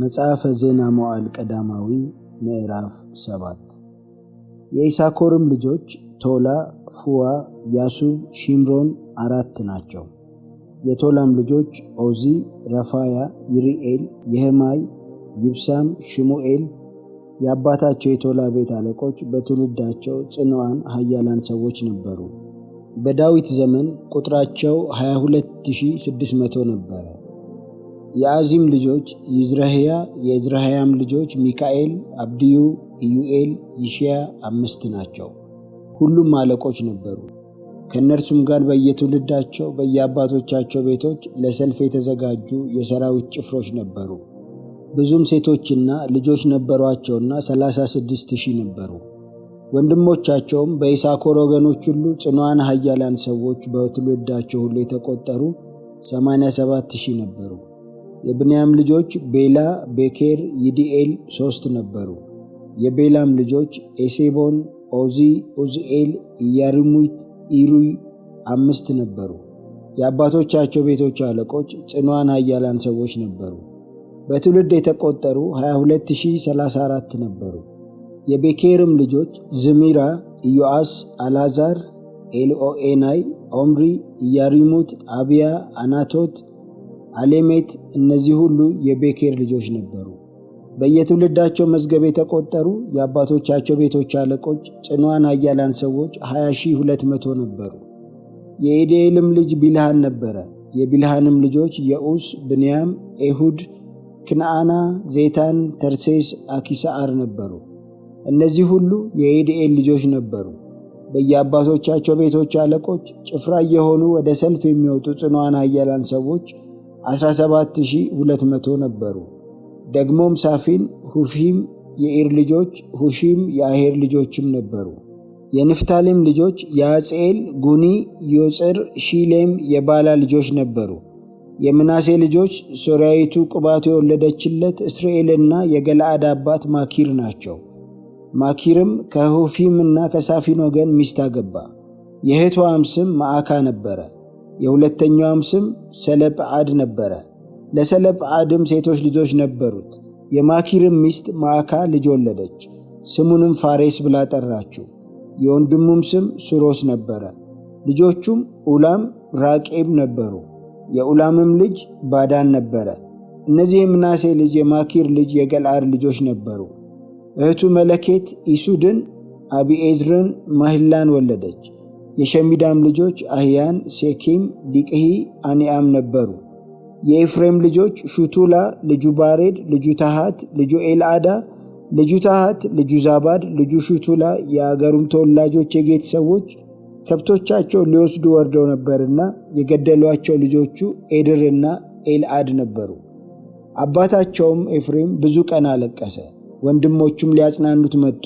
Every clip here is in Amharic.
መጽሐፈ ዜና መዋዕል ቀዳማዊ ምዕራፍ ሰባት የኢሳኮርም ልጆች ቶላ፣ ፉዋ፣ ያሱብ፣ ሺምሮን አራት ናቸው። የቶላም ልጆች ኦዚ፣ ረፋያ፣ ይሪኤል፣ የህማይ፣ ይብሳም፣ ሽሙኤል የአባታቸው የቶላ ቤት አለቆች በትውልዳቸው ጽንዋን ኃያላን ሰዎች ነበሩ። በዳዊት ዘመን ቁጥራቸው 22600 ነበረ። የአዚም ልጆች ይዝረህያ፣ የይዝረህያም ልጆች ሚካኤል፣ አብድዩ፣ ኢዩኤል፣ ይሽያ አምስት ናቸው። ሁሉም አለቆች ነበሩ። ከእነርሱም ጋር በየትውልዳቸው በየአባቶቻቸው ቤቶች ለሰልፍ የተዘጋጁ የሰራዊት ጭፍሮች ነበሩ። ብዙም ሴቶችና ልጆች ነበሯቸውና ሰላሳ ስድስት ሺህ ነበሩ። ወንድሞቻቸውም በኢሳኮር ወገኖች ሁሉ ጽኗዋን ኃያላን ሰዎች በትውልዳቸው ሁሉ የተቆጠሩ ሰማንያ ሺህ ነበሩ። የብንያም ልጆች ቤላ፣ ቤኬር፣ ይዲኤል ሦስት ነበሩ። የቤላም ልጆች ኤሴቦን፣ ኦዚ፣ ኡዝኤል፣ ኢያሪሙት፣ ኢሩይ አምስት ነበሩ። የአባቶቻቸው ቤቶች አለቆች ጽኗን ኃያላን ሰዎች ነበሩ። በትውልድ የተቆጠሩ 22034 ነበሩ። የቤኬርም ልጆች ዝሚራ፣ ኢዮአስ፣ አላዛር፣ ኤልኦኤናይ፣ ኦምሪ፣ ኢያሪሙት፣ አብያ፣ አናቶት አሌሜት እነዚህ ሁሉ የቤኬር ልጆች ነበሩ። በየትውልዳቸው መዝገብ የተቆጠሩ የአባቶቻቸው ቤቶች አለቆች ጽኗን ኃያላን ሰዎች 20200 ነበሩ። የኢዴኤልም ልጅ ቢልሃን ነበረ። የቢልሃንም ልጆች የዑስ፣ ብንያም፣ ኤሁድ፣ ክንዓና፣ ዜታን፣ ተርሴስ፣ አኪሳአር ነበሩ። እነዚህ ሁሉ የኢዲኤል ልጆች ነበሩ። በየአባቶቻቸው ቤቶች አለቆች ጭፍራ እየሆኑ ወደ ሰልፍ የሚወጡ ጽኗን ኃያላን ሰዎች 17200 ነበሩ። ደግሞም ሳፊን፣ ሁፊም የኢር ልጆች፣ ሁሺም የአሄር ልጆችም ነበሩ። የንፍታሌም ልጆች የአጼል፣ ጉኒ፣ ዮፅር፣ ሺሌም የባላ ልጆች ነበሩ። የምናሴ ልጆች ሶርያዊቱ ቁባቱ የወለደችለት እስራኤልና የገላአድ አባት ማኪር ናቸው። ማኪርም ከሁፊምና ከሳፊን ወገን ሚስት አገባ። የእህቷም ስም ማዕካ ነበረ። የሁለተኛውም ስም ሰለጰዓድ ነበረ። ለሰለጰዓድም ሴቶች ልጆች ነበሩት። የማኪርም ሚስት ማዕካ ልጅ ወለደች፣ ስሙንም ፋሬስ ብላ ጠራችው። የወንድሙም ስም ሱሮስ ነበረ። ልጆቹም ኡላም፣ ራቄብ ነበሩ። የኡላምም ልጅ ባዳን ነበረ። እነዚህ የምናሴ ልጅ የማኪር ልጅ የገልአር ልጆች ነበሩ። እህቱ መለኬት ኢሱድን፣ አቢዔዝርን፣ ማህላን ወለደች። የሸሚዳም ልጆች አህያን፣ ሴኪም፣ ዲቅሂ፣ አንያም ነበሩ። የኤፍሬም ልጆች ሹቱላ ልጁ ባሬድ፣ ልጁ ታሃት፣ ልጁ ኤልአዳ፣ ልጁ ታሃት፣ ልጁ ዛባድ፣ ልጁ ሹቱላ። የአገሩም ተወላጆች የጌት ሰዎች ከብቶቻቸው ሊወስዱ ወርደው ነበርና የገደሏቸው ልጆቹ ኤድርና ኤልአድ ነበሩ። አባታቸውም ኤፍሬም ብዙ ቀን አለቀሰ። ወንድሞቹም ሊያጽናኑት መጡ።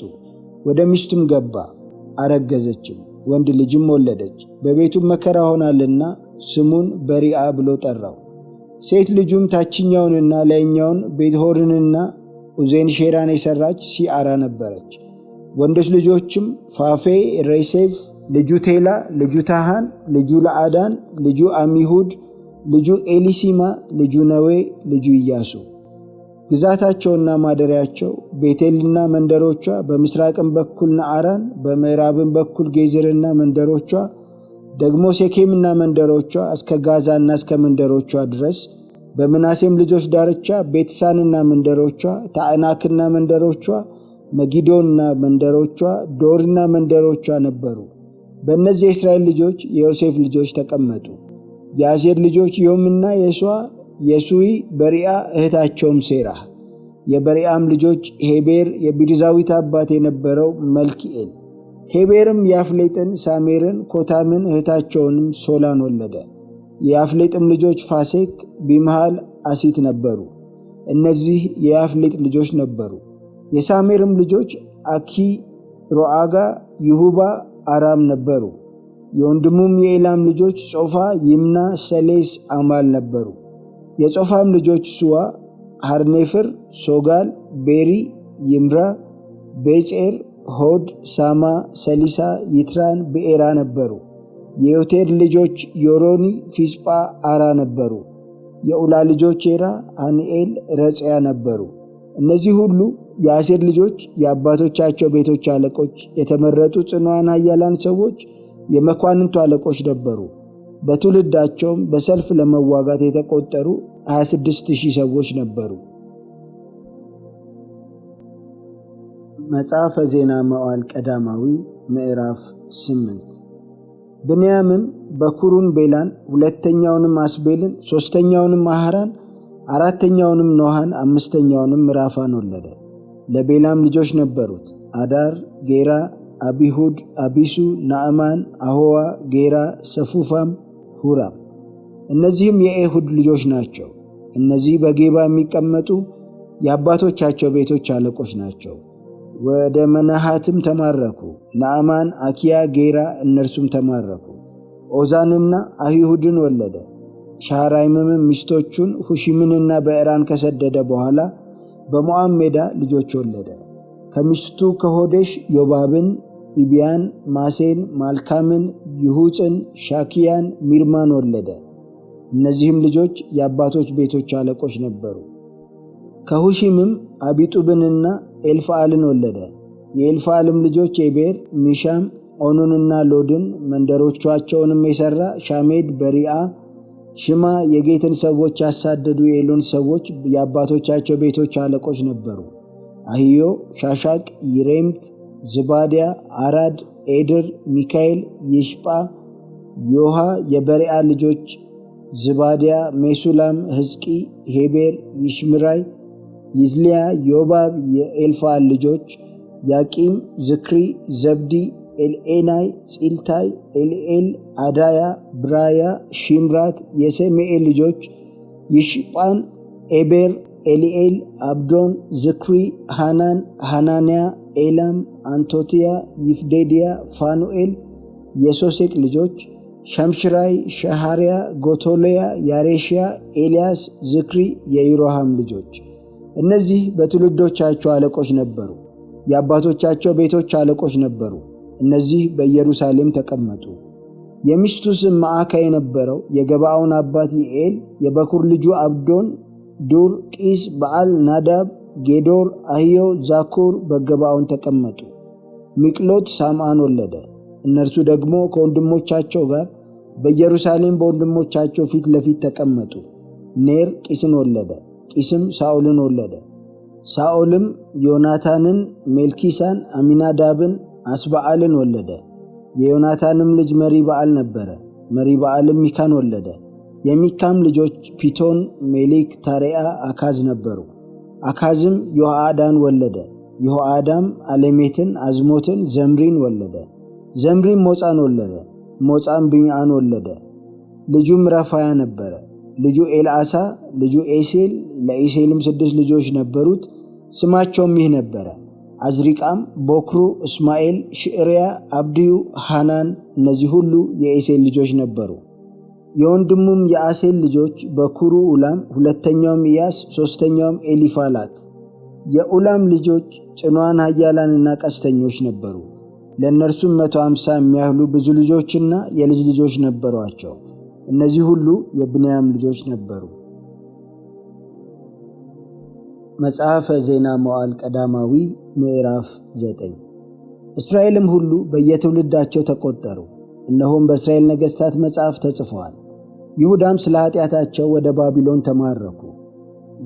ወደ ሚስቱም ገባ፣ አረገዘችም። ወንድ ልጅም ወለደች። በቤቱም መከራ ሆናልና ስሙን በሪአ ብሎ ጠራው። ሴት ልጁም ታችኛውንና ላይኛውን ቤትሆርንና ኡዜን ሼራን የሰራች ሲአራ ነበረች። ወንዶች ልጆችም ፋፌ፣ ሬሴብ፣ ልጁ ቴላ፣ ልጁ ታሃን፣ ልጁ ለአዳን፣ ልጁ አሚሁድ፣ ልጁ ኤሊሲማ፣ ልጁ ነዌ፣ ልጁ ኢያሱ ግዛታቸውና ማደሪያቸው ቤቴልና መንደሮቿ፣ በምስራቅም በኩል ነዓራን፣ በምዕራብም በኩል ጌዝርና መንደሮቿ፣ ደግሞ ሴኬምና መንደሮቿ እስከ ጋዛና እስከ መንደሮቿ ድረስ በምናሴም ልጆች ዳርቻ ቤትሳንና መንደሮቿ፣ ታዕናክና መንደሮቿ፣ መጊዶንና መንደሮቿ፣ ዶርና መንደሮቿ ነበሩ። በእነዚህ የእስራኤል ልጆች የዮሴፍ ልጆች ተቀመጡ። የአሴር ልጆች ዮምና የሷ የሱዊ በሪያ እህታቸውም ሴራ፣ የበሪያም ልጆች ሄቤር የቢድዛዊት አባት የነበረው መልኪኤል። ሄቤርም የአፍሌጥን፣ ሳሜርን፣ ኮታምን እህታቸውንም ሶላን ወለደ። የአፍሌጥም ልጆች ፋሴክ፣ ቢምሃል፣ አሲት ነበሩ። እነዚህ የአፍሌጥ ልጆች ነበሩ። የሳሜርም ልጆች አኪ፣ ሮአጋ፣ ይሁባ፣ አራም ነበሩ። የወንድሙም የኤላም ልጆች ጾፋ፣ ይምና፣ ሰሌስ፣ አማል ነበሩ። የጾፋም ልጆች ሱዋ፣ ሐርኔፍር፣ ሶጋል፣ ቤሪ፣ ይምራ፣ ቤጼር፣ ሆድ፣ ሳማ፣ ሰሊሳ፣ ይትራን፣ ብኤራ ነበሩ። የዮቴር ልጆች ዮሮኒ፣ ፊስጳ፣ አራ ነበሩ። የኡላ ልጆች ኤራ፣ አኒኤል፣ ረጽያ ነበሩ። እነዚህ ሁሉ የአሴር ልጆች የአባቶቻቸው ቤቶች አለቆች፣ የተመረጡ ጽኑዓን ኃያላን ሰዎች፣ የመኳንንቱ አለቆች ነበሩ። በትውልዳቸውም በሰልፍ ለመዋጋት የተቆጠሩ 26000 ሰዎች ነበሩ። መጽሐፈ ዜና መዋዕል ቀዳማዊ ምዕራፍ 8 ብንያምም በኩሩን ቤላን፣ ሁለተኛውንም አስቤልን፣ ሦስተኛውንም አህራን፣ አራተኛውንም ኖሃን፣ አምስተኛውንም ራፋን ወለደ። ለቤላም ልጆች ነበሩት አዳር፣ ጌራ፣ አቢሁድ፣ አቢሱ፣ ናዕማን፣ አሆዋ፣ ጌራ፣ ሰፉፋም ሁራም። እነዚህም የኤሁድ ልጆች ናቸው። እነዚህ በጌባ የሚቀመጡ የአባቶቻቸው ቤቶች አለቆች ናቸው። ወደ መናሃትም ተማረኩ። ናዕማን፣ አኪያ፣ ጌራ እነርሱም ተማረኩ። ኦዛንና አሂሁድን ወለደ። ሻራይምም ሚስቶቹን ሁሺምንና በዕራን ከሰደደ በኋላ በሞዓብ ሜዳ ልጆች ወለደ። ከሚስቱ ከሆዴሽ ዮባብን፣ ኢቢያን፣ ማሴን፣ ማልካምን፣ ይሁፅን፣ ሻኪያን፣ ሚርማን ወለደ። እነዚህም ልጆች የአባቶች ቤቶች አለቆች ነበሩ። ከሁሺምም አቢጡብንና ኤልፍአልን ወለደ። የኤልፍአልም ልጆች ኤቤር፣ ሚሻም፣ ኦኑንና ሎድን መንደሮቻቸውንም የሠራ ሻሜድ፣ በሪአ፣ ሽማ የጌትን ሰዎች ያሳደዱ የኤሎን ሰዎች የአባቶቻቸው ቤቶች አለቆች ነበሩ። አህዮ፣ ሻሻቅ፣ ይሬምት፣ ዝባዲያ አራድ፣ ኤድር፣ ሚካኤል፣ ይሽጳ፣ ዮሃ የበሪያ ልጆች ዝባድያ፣ ሜሱላም፣ ሕዝቂ፣ ሄቤር፣ ይሽምራይ፣ ይዝሊያ፣ ዮባብ የኤልፋል ልጆች ያቂም፣ ዝክሪ፣ ዘብዲ፣ ኤልኤናይ፣ ፂልታይ፣ ኤልኤል፣ አዳያ፣ ብራያ፣ ሺምራት የሰሜኤ ልጆች ይሽጳን፣ ኤቤር፣ ኤልኤል፣ አብዶን፣ ዝክሪ፣ ሃናን፣ ሃናንያ፣ ኤላም፣ አንቶቲያ፣ ይፍዴዲያ፣ ፋኑኤል የሶሴቅ ልጆች ሸምሽራይ፣ ሸሃርያ፣ ጎቶሎያ፣ ያሬሽያ፣ ኤልያስ፣ ዝክሪ የይሮሃም ልጆች። እነዚህ በትውልዶቻቸው አለቆች ነበሩ። የአባቶቻቸው ቤቶች አለቆች ነበሩ። እነዚህ በኢየሩሳሌም ተቀመጡ። የሚስቱ ስም ማዕካ የነበረው የገባዖን አባት ይኤል የበኩር ልጁ አብዶን፣ ዱር፣ ቂስ፣ በዓል፣ ናዳብ፣ ጌዶር፣ አህዮ፣ ዛኩር በገባዖን ተቀመጡ። ሚቅሎት ሳምአን ወለደ። እነርሱ ደግሞ ከወንድሞቻቸው ጋር በኢየሩሳሌም በወንድሞቻቸው ፊት ለፊት ተቀመጡ። ኔር ቂስን ወለደ። ቂስም ሳኦልን ወለደ። ሳኦልም ዮናታንን፣ ሜልኪሳን፣ አሚናዳብን፣ አስበዓልን ወለደ። የዮናታንም ልጅ መሪ በዓል ነበረ። መሪ በዓልም ሚካን ወለደ። የሚካም ልጆች ፒቶን፣ ሜሊክ ታሪያ፣ አካዝ ነበሩ። አካዝም ዮአዳን ወለደ። ዮአዳም አሌሜትን፣ አዝሞትን፣ ዘምሪን ወለደ። ዘምሪም ሞፃን ወለደ። ሞፃም ቢንዓን ወለደ። ልጁም ረፋያ ነበረ። ልጁ ኤልአሳ፣ ልጁ ኤሴል። ለኤሴልም ስድስት ልጆች ነበሩት። ስማቸውም ይህ ነበረ አዝሪቃም፣ ቦክሩ፣ እስማኤል፣ ሽዕርያ፣ አብድዩ፣ ሃናን። እነዚህ ሁሉ የኤሴል ልጆች ነበሩ። የወንድሙም የአሴል ልጆች በኩሩ ኡላም፣ ሁለተኛውም ኢያስ፣ ሦስተኛውም ኤሊፋላት። የኡላም ልጆች ጭኗን ኃያላንና ቀስተኞች ነበሩ። ለእነርሱም መቶ አምሳ የሚያህሉ ብዙ ልጆችና የልጅ ልጆች ነበሯቸው። እነዚህ ሁሉ የብንያም ልጆች ነበሩ። መጽሐፈ ዜና መዋዕል ቀዳማዊ ምዕራፍ ዘጠኝ እስራኤልም ሁሉ በየትውልዳቸው ተቆጠሩ። እነሆም በእስራኤል ነገሥታት መጽሐፍ ተጽፏል። ይሁዳም ስለ ኃጢአታቸው ወደ ባቢሎን ተማረኩ።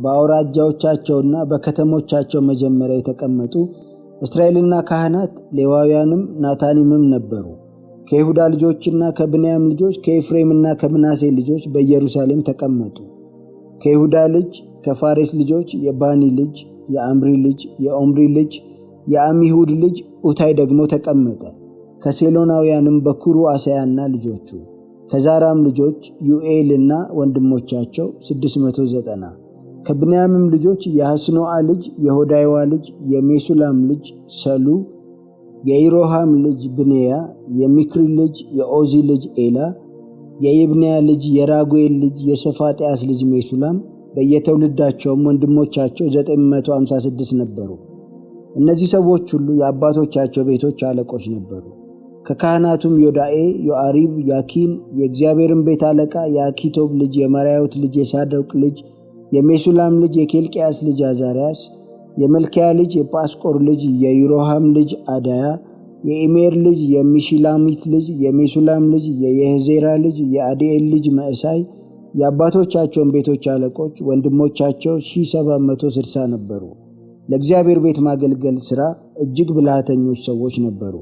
በአውራጃዎቻቸውና በከተሞቻቸው መጀመሪያ የተቀመጡ እስራኤልና ካህናት ሌዋውያንም ናታኒምም ነበሩ። ከይሁዳ ልጆችና ከብንያም ልጆች ከኤፍሬምና ከምናሴ ልጆች በኢየሩሳሌም ተቀመጡ። ከይሁዳ ልጅ ከፋሬስ ልጆች የባኒ ልጅ የአምሪ ልጅ የኦምሪ ልጅ የአሚሁድ ልጅ ኡታይ ደግሞ ተቀመጠ። ከሴሎናውያንም በኩሩ አሳያና ልጆቹ ከዛራም ልጆች ዩኤልና ወንድሞቻቸው 690 ከብንያምም ልጆች የሐስኖአ ልጅ የሆዳይዋ ልጅ የሜሱላም ልጅ ሰሉ የይሮሃም ልጅ ብንያ የሚክሪ ልጅ የኦዚ ልጅ ኤላ የይብንያ ልጅ የራጉኤል ልጅ የሰፋጥያስ ልጅ ሜሱላም በየትውልዳቸውም ወንድሞቻቸው 956 ነበሩ። እነዚህ ሰዎች ሁሉ የአባቶቻቸው ቤቶች አለቆች ነበሩ። ከካህናቱም ዮዳኤ፣ ዮአሪብ፣ ያኪን የእግዚአብሔርን ቤት አለቃ የአኪቶብ ልጅ የመራዮት ልጅ የሳደቅ ልጅ የሜሱላም ልጅ የኬልቅያስ ልጅ አዛርያስ የመልኪያ ልጅ የጳስቆር ልጅ የይሮሃም ልጅ አዳያ የኢሜር ልጅ የሚሽላሚት ልጅ የሜሱላም ልጅ የየህዜራ ልጅ የአዲኤል ልጅ መእሳይ የአባቶቻቸውን ቤቶች አለቆች ወንድሞቻቸው 1760 ነበሩ። ለእግዚአብሔር ቤት ማገልገል ሥራ እጅግ ብልሃተኞች ሰዎች ነበሩ።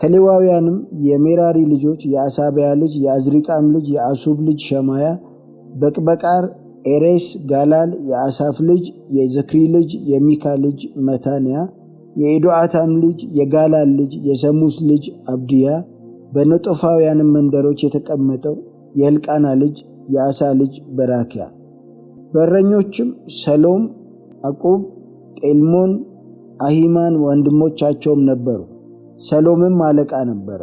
ከሌዋውያንም የሜራሪ ልጆች የአሳቢያ ልጅ የአዝሪቃም ልጅ የአሱብ ልጅ ሸማያ፣ በቅበቃር፣ ኤሬስ፣ ጋላል የአሳፍ ልጅ የዘክሪ ልጅ የሚካ ልጅ መታንያ፣ የኢዶአታም ልጅ የጋላል ልጅ የሰሙስ ልጅ አብድያ፣ በነጦፋውያንም መንደሮች የተቀመጠው የልቃና ልጅ የአሳ ልጅ በራኪያ። በረኞችም ሰሎም፣ አቁብ፣ ጤልሞን፣ አሂማን ወንድሞቻቸውም ነበሩ። ሰሎምም አለቃ ነበረ።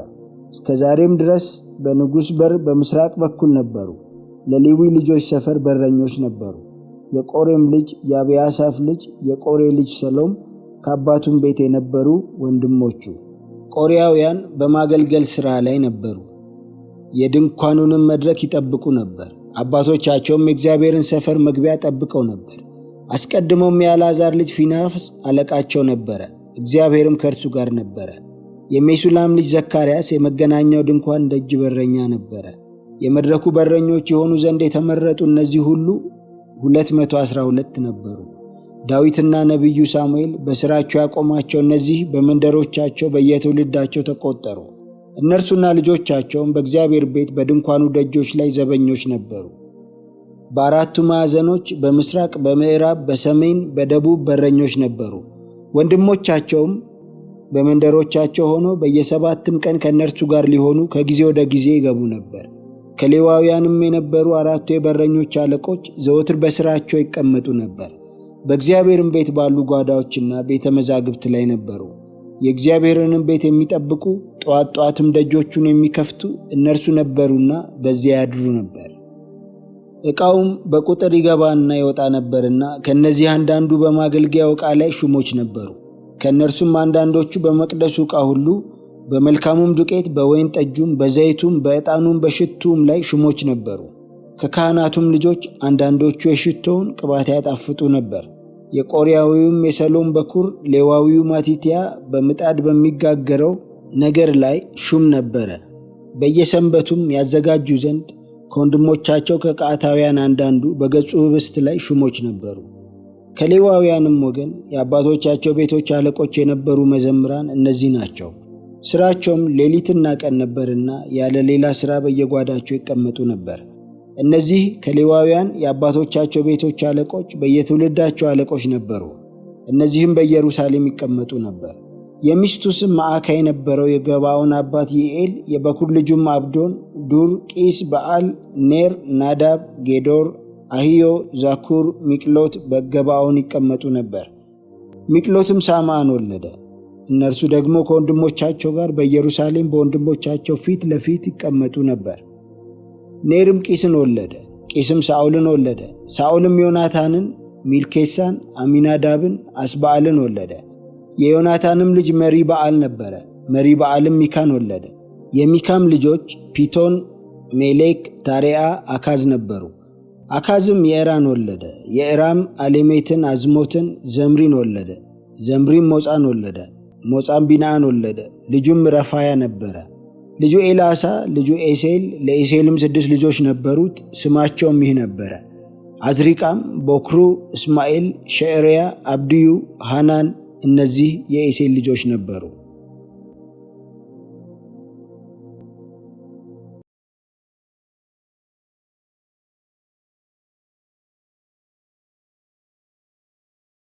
እስከ ዛሬም ድረስ በንጉሥ በር በምስራቅ በኩል ነበሩ። ለሌዊ ልጆች ሰፈር በረኞች ነበሩ። የቆሬም ልጅ የአብያሳፍ ልጅ የቆሬ ልጅ ሰሎም ከአባቱም ቤት የነበሩ ወንድሞቹ ቆሪያውያን በማገልገል ሥራ ላይ ነበሩ። የድንኳኑንም መድረክ ይጠብቁ ነበር። አባቶቻቸውም የእግዚአብሔርን ሰፈር መግቢያ ጠብቀው ነበር። አስቀድሞም የአልዓዛር ልጅ ፊናስ አለቃቸው ነበረ። እግዚአብሔርም ከእርሱ ጋር ነበረ። የሜሱላም ልጅ ዘካርያስ የመገናኛው ድንኳን ደጅ በረኛ ነበረ። የመድረኩ በረኞች የሆኑ ዘንድ የተመረጡ እነዚህ ሁሉ 212 ነበሩ። ዳዊትና ነቢዩ ሳሙኤል በሥራቸው ያቆማቸው እነዚህ በመንደሮቻቸው በየትውልዳቸው ተቆጠሩ። እነርሱና ልጆቻቸውም በእግዚአብሔር ቤት በድንኳኑ ደጆች ላይ ዘበኞች ነበሩ። በአራቱ ማዕዘኖች በምስራቅ፣ በምዕራብ፣ በሰሜን፣ በደቡብ በረኞች ነበሩ። ወንድሞቻቸውም በመንደሮቻቸው ሆኖ በየሰባትም ቀን ከእነርሱ ጋር ሊሆኑ ከጊዜ ወደ ጊዜ ይገቡ ነበር። ከሌዋውያንም የነበሩ አራቱ የበረኞች አለቆች ዘወትር በሥራቸው ይቀመጡ ነበር። በእግዚአብሔርም ቤት ባሉ ጓዳዎችና ቤተ መዛግብት ላይ ነበሩ። የእግዚአብሔርንም ቤት የሚጠብቁ ጠዋት ጠዋትም ደጆቹን የሚከፍቱ እነርሱ ነበሩና በዚያ ያድሩ ነበር። ዕቃውም በቁጥር ይገባና ይወጣ ነበርና ከእነዚህ አንዳንዱ በማገልጊያው ዕቃ ላይ ሹሞች ነበሩ። ከእነርሱም አንዳንዶቹ በመቅደሱ ዕቃ ሁሉ በመልካሙም ዱቄት በወይን ጠጁም በዘይቱም በዕጣኑም በሽቱም ላይ ሹሞች ነበሩ። ከካህናቱም ልጆች አንዳንዶቹ የሽቶውን ቅባት ያጣፍጡ ነበር። የቆሪያዊውም የሰሎም በኩር ሌዋዊው ማቲትያ በምጣድ በሚጋገረው ነገር ላይ ሹም ነበረ። በየሰንበቱም ያዘጋጁ ዘንድ ከወንድሞቻቸው ከቃታውያን አንዳንዱ በገጹ ኅብስት ላይ ሹሞች ነበሩ። ከሌዋውያንም ወገን የአባቶቻቸው ቤቶች አለቆች የነበሩ መዘምራን እነዚህ ናቸው። ሥራቸውም ሌሊትና ቀን ነበርና ያለ ሌላ ሥራ በየጓዳቸው ይቀመጡ ነበር። እነዚህ ከሌዋውያን የአባቶቻቸው ቤቶች አለቆች በየትውልዳቸው አለቆች ነበሩ። እነዚህም በኢየሩሳሌም ይቀመጡ ነበር። የሚስቱ ስም ማዕካ የነበረው የገባዖን አባት ይኤል፣ የበኩር ልጁም አብዶን፣ ዱር፣ ቂስ፣ በዓል፣ ኔር፣ ናዳብ፣ ጌዶር፣ አህዮ፣ ዛኩር፣ ሚቅሎት በገባኦን ይቀመጡ ነበር። ሚቅሎትም ሳማን ወለደ። እነርሱ ደግሞ ከወንድሞቻቸው ጋር በኢየሩሳሌም በወንድሞቻቸው ፊት ለፊት ይቀመጡ ነበር። ኔርም ቂስን ወለደ። ቂስም ሳኦልን ወለደ። ሳኦልም ዮናታንን፣ ሚልኬሳን፣ አሚናዳብን፣ አስበዓልን ወለደ። የዮናታንም ልጅ መሪ በዓል ነበረ። መሪ በዓልም ሚካን ወለደ። የሚካም ልጆች ፒቶን፣ ሜሌክ፣ ታሪያ፣ አካዝ ነበሩ። አካዝም የዕራን ወለደ። የዕራም አሌሜትን፣ አዝሞትን፣ ዘምሪን ወለደ። ዘምሪም ሞፃን ወለደ። ሞፃም ቢናን ወለደ። ልጁም ረፋያ ነበረ። ልጁ ኤላሳ፣ ልጁ ኤሴል። ለኤሴልም ስድስት ልጆች ነበሩት። ስማቸውም ይህ ነበረ፦ አዝሪቃም፣ ቦክሩ፣ እስማኤል፣ ሸዕርያ፣ አብድዩ፣ ሃናን። እነዚህ የኤሴል ልጆች ነበሩ።